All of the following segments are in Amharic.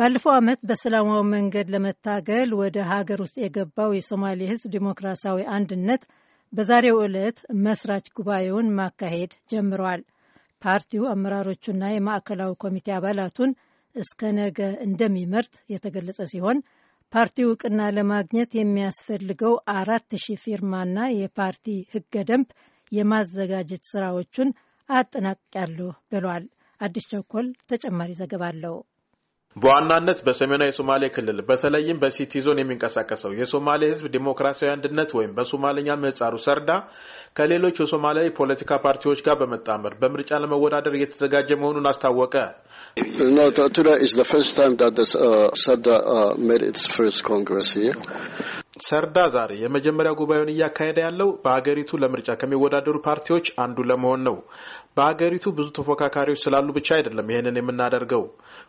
ባለፈው ዓመት በሰላማዊ መንገድ ለመታገል ወደ ሀገር ውስጥ የገባው የሶማሌ ሕዝብ ዲሞክራሲያዊ አንድነት በዛሬው ዕለት መስራች ጉባኤውን ማካሄድ ጀምረዋል። ፓርቲው አመራሮቹና የማዕከላዊ ኮሚቴ አባላቱን እስከ ነገ እንደሚመርጥ የተገለጸ ሲሆን ፓርቲው እውቅና ለማግኘት የሚያስፈልገው አራት ሺህ ፊርማና የፓርቲ ህገ ደንብ የማዘጋጀት ስራዎቹን አጠናቅቄያለሁ ብሏል። አዲስ ቸኮል ተጨማሪ ዘገባ አለው። በዋናነት በሰሜናዊ የሶማሌ ክልል በተለይም በሲቲ ዞን የሚንቀሳቀሰው የሶማሌ ህዝብ ዲሞክራሲያዊ አንድነት ወይም በሶማሌኛ ምህጻሩ ሰርዳ ከሌሎች የሶማሌ ፖለቲካ ፓርቲዎች ጋር በመጣመር በምርጫ ለመወዳደር እየተዘጋጀ መሆኑን አስታወቀ። ሰርዳ ዛሬ የመጀመሪያ ጉባኤውን እያካሄደ ያለው በሀገሪቱ ለምርጫ ከሚወዳደሩ ፓርቲዎች አንዱ ለመሆን ነው። በሀገሪቱ ብዙ ተፎካካሪዎች ስላሉ ብቻ አይደለም ይህንን የምናደርገው።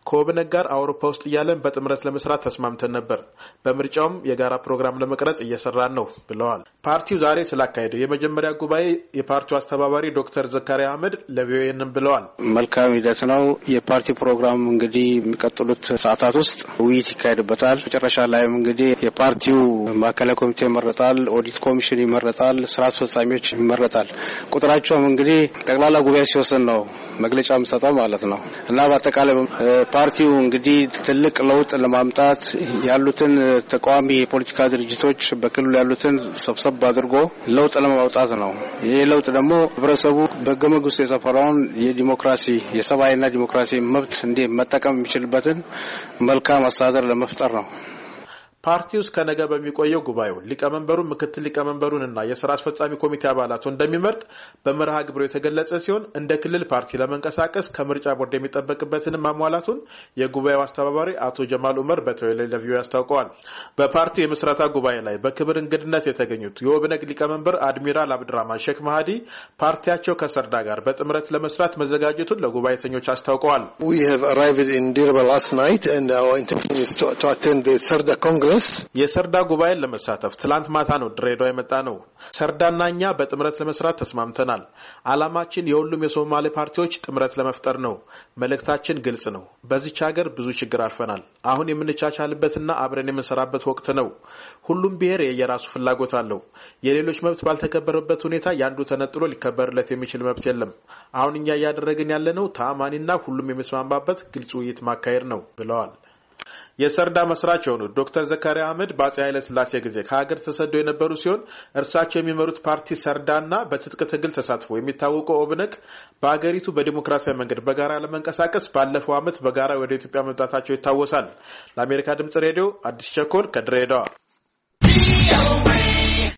ከኦብነግ ጋር አውሮፓ ውስጥ እያለን በጥምረት ለመስራት ተስማምተን ነበር። በምርጫውም የጋራ ፕሮግራም ለመቅረጽ እየሰራን ነው ብለዋል። ፓርቲው ዛሬ ስላካሄደው የመጀመሪያ ጉባኤ የፓርቲው አስተባባሪ ዶክተር ዘካሪ አህመድ ለቪኦኤንም ብለዋል። መልካም ሂደት ነው። የፓርቲ ፕሮግራም እንግዲህ የሚቀጥሉት ሰዓታት ውስጥ ውይይት ይካሄድበታል። መጨረሻ ላይም እንግዲህ የፓርቲው ማዕከላዊ ኮሚቴ ይመረጣል፣ ኦዲት ኮሚሽን ይመረጣል፣ ስራ አስፈጻሚዎች ይመረጣል። ቁጥራቸውም እንግዲህ ጠቅላላ ጉባኤ ሲወስን ነው መግለጫ የምሰጠው ማለት ነው እና በአጠቃላይ ፓርቲው እንግዲህ ትልቅ ለውጥ ለማምጣት ያሉትን ተቃዋሚ የፖለቲካ ድርጅቶች በክልሉ ያሉትን ሰብሰብ አድርጎ ለውጥ ለማውጣት ነው። ይህ ለውጥ ደግሞ ህብረተሰቡ በህገ መንግስቱ የሰፈረውን የዲሞክራሲ የሰብአዊና ዲሞክራሲ መብት እንዴ መጠቀም የሚችልበትን መልካም አስተዳደር ለመፍጠር ነው። ፓርቲው እስከ ነገ በሚቆየው ጉባኤው ሊቀመንበሩን፣ ምክትል ሊቀመንበሩን እና የስራ አስፈጻሚ ኮሚቴ አባላቱ እንደሚመርጥ በመርሃ ግብሩ የተገለጸ ሲሆን እንደ ክልል ፓርቲ ለመንቀሳቀስ ከምርጫ ቦርድ የሚጠበቅበትንም ማሟላቱን የጉባኤው አስተባባሪ አቶ ጀማል ኡመር በተወያይ ለቪዮ ያስታውቀዋል። በፓርቲው የምስረታ ጉባኤ ላይ በክብር እንግድነት የተገኙት የኦብነግ ሊቀመንበር አድሚራል አብድራማን ሼክ መሃዲ ፓርቲያቸው ከሰርዳ ጋር በጥምረት ለመስራት መዘጋጀቱን ለጉባኤተኞች አስታውቀዋል። ድረስ የሰርዳ ጉባኤን ለመሳተፍ ትላንት ማታ ነው ድሬዳዋ የመጣ ነው። ሰርዳና እኛ በጥምረት ለመስራት ተስማምተናል። አላማችን የሁሉም የሶማሌ ፓርቲዎች ጥምረት ለመፍጠር ነው። መልእክታችን ግልጽ ነው። በዚች ሀገር ብዙ ችግር አልፈናል። አሁን የምንቻቻልበትና አብረን የምንሰራበት ወቅት ነው። ሁሉም ብሔር የየራሱ ፍላጎት አለው። የሌሎች መብት ባልተከበረበት ሁኔታ የአንዱ ተነጥሎ ሊከበርለት የሚችል መብት የለም። አሁን እኛ እያደረግን ያለነው ተአማኒና ሁሉም የሚስማማበት ግልጽ ውይይት ማካሄድ ነው ብለዋል። የሰርዳ መስራች የሆኑት ዶክተር ዘካሪያ አህመድ በአጼ ኃይለስላሴ ጊዜ ከሀገር ተሰዶ የነበሩ ሲሆን እርሳቸው የሚመሩት ፓርቲ ሰርዳና በትጥቅ ትግል ተሳትፎ የሚታወቀው ኦብነግ በሀገሪቱ በዲሞክራሲያዊ መንገድ በጋራ ለመንቀሳቀስ ባለፈው ዓመት በጋራ ወደ ኢትዮጵያ መምጣታቸው ይታወሳል። ለአሜሪካ ድምጽ ሬዲዮ አዲስ ቸኮል ከድሬዳዋ